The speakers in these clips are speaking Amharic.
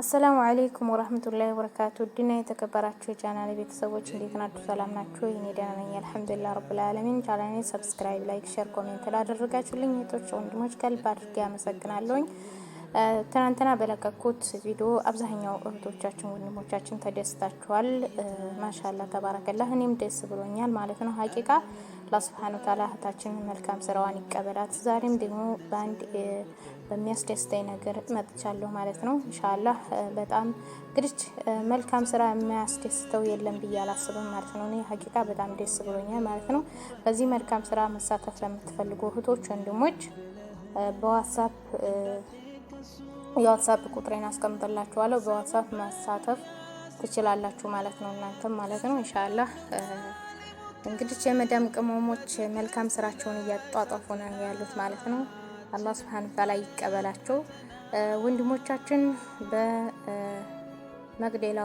አሰላሙ አሌይኩም ወረህመቱላሂ ወበረካቱ ድና የተከበራችሁ የቻናል ቤተሰቦች እንዴት ናችሁ? ሰላም ናችሁ? እኔ ደህና ነኝ አልሐምዱሊላህ ረብል ዓለሚን። ቻናሌን ሰብስክራይብ፣ ላይክ፣ ሼር፣ ኮሜንት ላደረጋችሁልኝ እህቶች ወንድሞች ከልብ አድርጌ አመሰግናለሁኝ። ትናንትና በለቀኩት ቪዲዮ አብዛኛው እህቶቻችን ወንድሞቻችን ተደስታችኋል። ማሻላ ተባረከላህ። እኔም ደስ ብሎኛል ማለት ነው ሀቂቃ አላህ ስብሐነ ወተዓላ እህታችንን መልካም ስራዋን ይቀበላት። ዛሬም ደግሞ በአንድ በሚያስደስተኝ ነገር መጥቻለሁ ማለት ነው። ኢንሻአላህ በጣም እንግዲህ መልካም ስራ የሚያስደስተው የለም ብዬ አላስብም ማለት ነው። እኔ ሀቂቃ በጣም ደስ ብሎኛል ማለት ነው። በዚህ መልካም ስራ መሳተፍ ለምትፈልጉ እህቶች፣ ወንድሞች በዋትሳፕ የዋትሳፕ ቁጥሬን አስቀምጥላችኋለሁ። በዋትሳፕ መሳተፍ ትችላላችሁ ማለት ነው። እናንተም ማለት ነው ኢንሻአላህ እንግዲህ የመዳም ቅመሞች መልካም ስራቸውን እያጧጧፉ ነው ያሉት ማለት ነው። አላህ ስብሐነ ወተዓላ ይቀበላቸው። ወንድሞቻችን በመቅደላ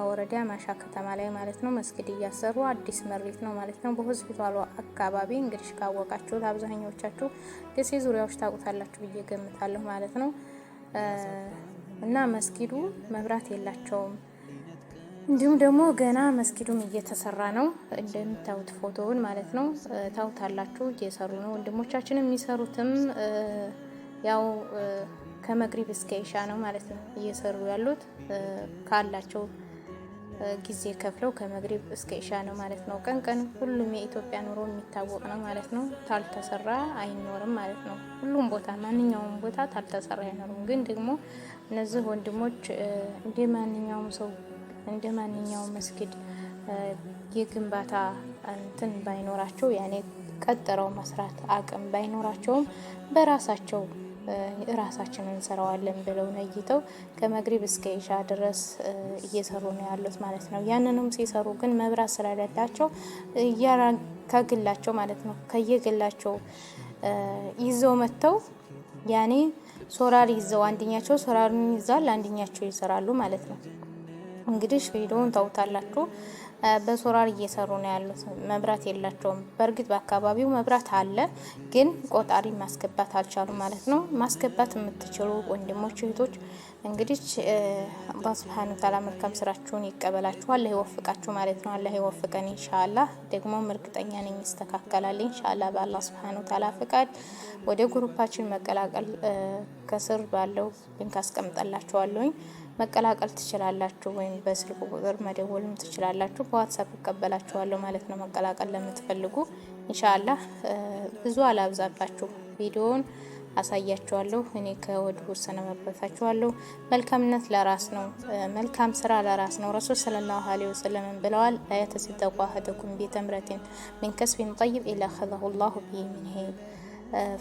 ወረዳ ማሻ ከተማ ላይ ማለት ነው መስጊድ እያሰሩ አዲስ መሬት ነው ማለት ነው። በሆስፒታሉ አካባቢ እንግዲህ ካወቃችሁ ለአብዛኛዎቻችሁ ደሴ ዙሪያዎች ታውቁታላችሁ ብዬ ገምታለሁ ማለት ነው እና መስጊዱ መብራት የላቸውም እንዲሁም ደግሞ ገና መስጊዱም እየተሰራ ነው እንደምታዩት ፎቶውን ማለት ነው። አላችሁ እየሰሩ ነው ወንድሞቻችን የሚሰሩትም ያው ከመግሪብ እስከ ኢሻ ነው ማለት ነው እየሰሩ ያሉት ካላቸው ጊዜ ከፍለው ከመግሪብ እስከ ኢሻ ነው ማለት ነው። ቀን ቀን ሁሉም የኢትዮጵያ ኑሮ የሚታወቅ ነው ማለት ነው። ታልተሰራ አይኖርም ማለት ነው። ሁሉም ቦታ ማንኛውም ቦታ ታልተሰራ አይኖርም። ግን ደግሞ እነዚህ ወንድሞች እንደ ማንኛውም ሰው እንደ ማንኛውም መስጊድ የግንባታ እንትን ባይኖራቸው ያኔ ቀጥረው መስራት አቅም ባይኖራቸውም በራሳቸው ራሳችን እንሰራዋለን ብለው ነይተው ከመግሪብ እስከ ኢሻ ድረስ እየሰሩ ነው ያሉት ማለት ነው። ያንንም ሲሰሩ ግን መብራት ስለሌላቸው ከግላቸው ማለት ነው ከየግላቸው ይዘው መጥተው ያኔ ሶራር ይዘው አንድኛቸው ሶራሩን ይዛል፣ አንድኛቸው ይሰራሉ ማለት ነው። እንግዲህ ቪዲዮውን ታውታላችሁ። በሶራር እየሰሩ ነው ያሉት። መብራት የላቸውም። በእርግጥ በአካባቢው መብራት አለ፣ ግን ቆጣሪ ማስገባት አልቻሉ ማለት ነው። ማስገባት የምትችሉ ወንድሞች እህቶች፣ እንግዲህ አላህ ሱብሓነሁ ወተዓላ መልካም ስራችሁን ይቀበላችሁ፣ አላህ ይወፍቃችሁ ማለት ነው። አላህ ይወፍቀን ኢንሻአላህ። ደግሞ እርግጠኛ ነኝ ይስተካከላል ኢንሻአላህ በአላህ ሱብሓነሁ ወተዓላ ፍቃድ። ወደ ግሩፓችን መቀላቀል ከስር ባለው ሊንክ አስቀምጠላችኋለሁኝ መቀላቀል ትችላላችሁ፣ ወይም በስልክ ቁጥር መደወልም ትችላላችሁ። በዋትሳፕ እቀበላችኋለሁ ማለት ነው። መቀላቀል ለምትፈልጉ ኢንሻአላህ ብዙ አላብዛባችሁ፣ ቪዲዮውን አሳያችኋለሁ። እኔ ከወዲሁ እሰናበታችኋለሁ። መልካምነት ለራስ ነው፣ መልካም ስራ ለራስ ነው። ረሱል ሰለላሁ ዐለይሂ ወሰለም ብለዋል፣ ላ የተሲጠቁ አሀደኩም ቢተምረቲን ሚን ከስቢን ጠይብ ኢላ አኸዘሁ ላሁ ቢየሚኒሂ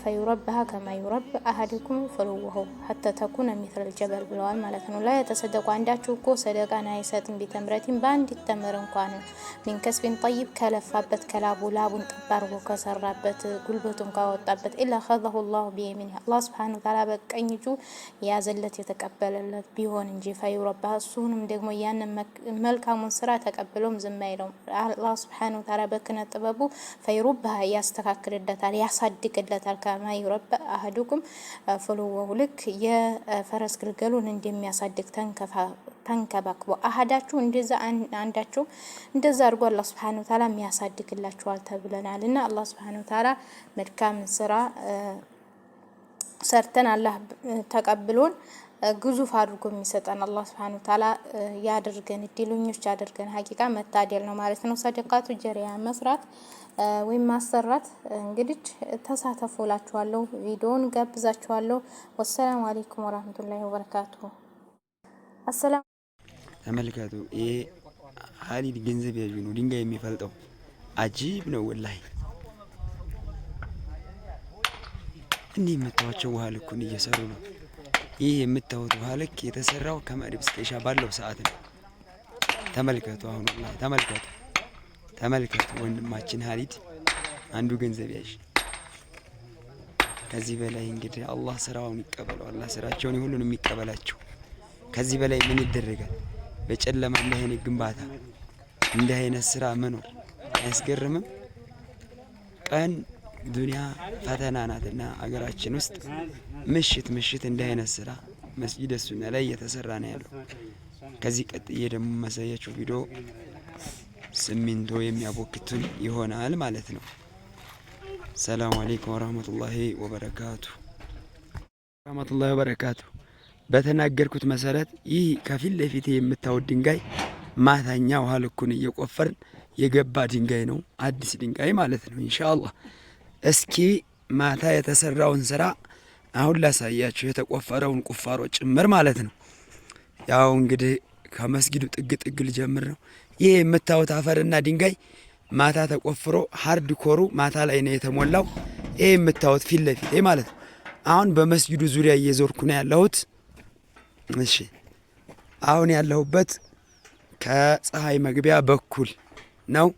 ፈዩረብሃ ከማ ዩረብ አሀድኩም ፍልወሁ ሀተ ተኩነ ሚትረል ጀበል ብለዋል ማለት ነው። ላይ የተሰደቁ አንዳችሁ እኮ ሰደቃን አይሰጥም ቢተምረቲም በአንዲት ተምር እንኳን ሚን ከስቢን ጠይብ ከለፋበት ከላቡ ላቡን ጠባርጎ ከሰራበት ጉልበቱን ካወጣበት ኢላ ከዛሁ ላሁ ብየሚን አላህ ስብሓነሁ ተዓላ በቀኝ እጁ የያዘለት የተቀበለለት ቢሆን እንጂ ፈዩረብሃ እሱንም ደግሞ ያንን መልካሙን ስራ ተቀብሎም ዝም አይለውም። አላህ ስብሓነሁ ተዓላ በክነ ጥበቡ ፈዩረብሃ ያስተካክልለታል፣ ያሳድግለታል ይከፍለታል። ከማ ዩረብ አህዱኩም ፍልወው ልክ የፈረስ ግልገሉን እንደሚያሳድግ ተንከፋ ተንከባክቦ አህዳችሁ እንደዛ አንዳችሁ እንደዛ አድርጎ አላህ ስብሐነ ወተዓላ የሚያሳድግላችኋል ተብለናል እና አላህ ስብሐነ ወተዓላ መልካም ስራ ሰርተን አላህ ተቀብሎን ግዙፍ አድርጎ የሚሰጠን አላህ ስብሐነሁ ወተዓላ ያድርገን፣ እድለኞች ያድርገን። ሀቂቃ መታደል ነው ማለት ነው። ሰደቃቱ ጀሪያ መስራት ወይም ማሰራት። እንግዲህ ላችኋለሁ። ቪዲዮውን ጋብዛችኋለሁ። ወሰላሙ አሌይኩም ወራህመቱላሂ ወበረካቱሁ። አሰላም ይሄ ሀሊድ ገንዘብ ያዩ ነው፣ ድንጋይ የሚፈልጠው አጂብ ነው ወላሂ። እንዲህ የምታዋቸው ውሃ ልኩን እየሰሩ ነው ይህ የምታዩት ውሃ ልክ የተሰራው ከመድብ ስፔሻ ባለው ሰዓት ነው። ተመልከቱ፣ አሁን ላይ ተመልከቱ፣ ተመልከቱ። ወንድማችን ሀሊድ አንዱ ገንዘብ ያዥ። ከዚህ በላይ እንግዲህ አላህ ስራውን ይቀበለው። አላህ ስራቸውን ሁሉንም የሚቀበላቸው። ከዚህ በላይ ምን ይደረጋል? በጨለማ እንዲህ አይነት ግንባታ፣ እንዲህ አይነት ስራ መኖር አያስገርምም? ቀን ዱንያ ፈተና ናትና አገራችን ውስጥ ምሽት ምሽት እንዲህ አይነት ስራ መስጂድ ሱና ላይ እየተሰራ ነው ያለው። ከዚህ ቀጥዬ ደግሞ ማሳያችሁ ቪዲዮ ሲሚንቶ የሚያቦክቱን ይሆናል ማለት ነው። ሰላሙ አሌይኩም ወረህመቱላሂ ወበረካቱ። ወረህመቱላሂ ወበረካቱ። በተናገርኩት መሰረት ይህ ከፊት ለፊት የምታዩት ድንጋይ ማታኛ ውሃ ልኩን እየቆፈርን የገባ ድንጋይ ነው። አዲስ ድንጋይ ማለት ነው ኢንሻአላህ እስኪ ማታ የተሰራውን ስራ አሁን ላሳያችሁ፣ የተቆፈረውን ቁፋሮ ጭምር ማለት ነው። ያው እንግዲህ ከመስጊዱ ጥግ ጥግ ልጀምር ነው። ይህ የምታዩት አፈርና ድንጋይ ማታ ተቆፍሮ ሀርድ ኮሩ ማታ ላይ ነው የተሞላው። ይህ የምታዩት ፊት ለፊቴ ማለት ነው። አሁን በመስጊዱ ዙሪያ እየዞርኩ ነው ያለሁት። እሺ አሁን ያለሁበት ከፀሐይ መግቢያ በኩል ነው።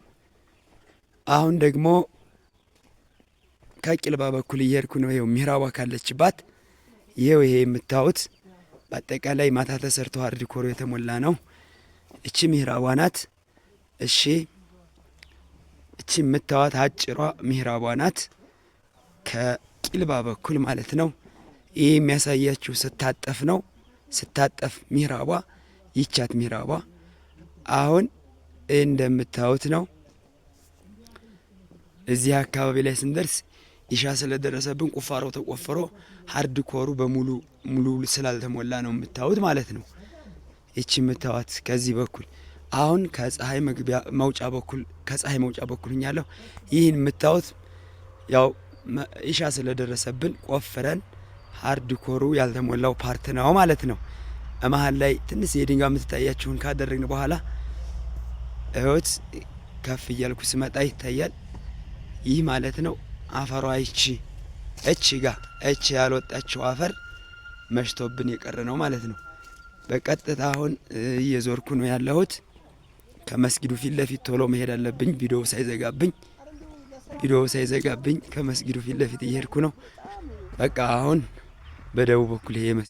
አሁን ደግሞ ከቂልባ በኩል እየሄድኩ ነው። ይኸው ምዕራቧ ካለችባት ይኸው ይሄ የምታዩት በአጠቃላይ ማታ ተሰርቶ ሀርድ ኮሮ የተሞላ ነው። እቺ ምዕራቧ ናት። እሺ እቺ የምታዩት አጭሯ ምዕራቧ ናት፣ ከቂልባ በኩል ማለት ነው። ይህ የሚያሳያችሁ ስታጠፍ ነው። ስታጠፍ ምዕራቧ ይቻት ሚራቧ አሁን እንደምታዩት ነው። እዚህ አካባቢ ላይ ስንደርስ ኢሻ ስለደረሰብን ቁፋሮ ተቆፍሮ ሀርድ ኮሩ በሙሉ ሙሉ ስላልተሞላ ነው የምታዩት ማለት ነው። ይቺ የምታዩት ከዚህ በኩል አሁን ከፀሐይ መግቢያ መውጫ በኩል ከፀሐይ መውጫ በኩል እኛለሁ። ይህን የምታዩት ያው ኢሻ ስለደረሰብን ቆፍረን ሀርድ ኮሩ ያልተሞላው ፓርት ነው ማለት ነው። መሀል ላይ ትንሽ የድንጋይ የምትታያችሁን ካደረግን በኋላ እህት ከፍ እያልኩ ስመጣ ይታያል። ይህ ማለት ነው አፈሯ ይቺ እቺ ጋ እቺ ያልወጣችው አፈር መሽቶብን የቀረ ነው ማለት ነው። በቀጥታ አሁን እየዞርኩ ነው ያለሁት። ከመስጊዱ ፊት ለፊት ቶሎ መሄድ አለብኝ፣ ቪዲዮ ሳይዘጋብኝ ቪዲዮ ሳይዘጋብኝ ከመስጊዱ ፊት ለፊት እየሄድኩ ነው። በቃ አሁን በደቡብ በኩል ይሄ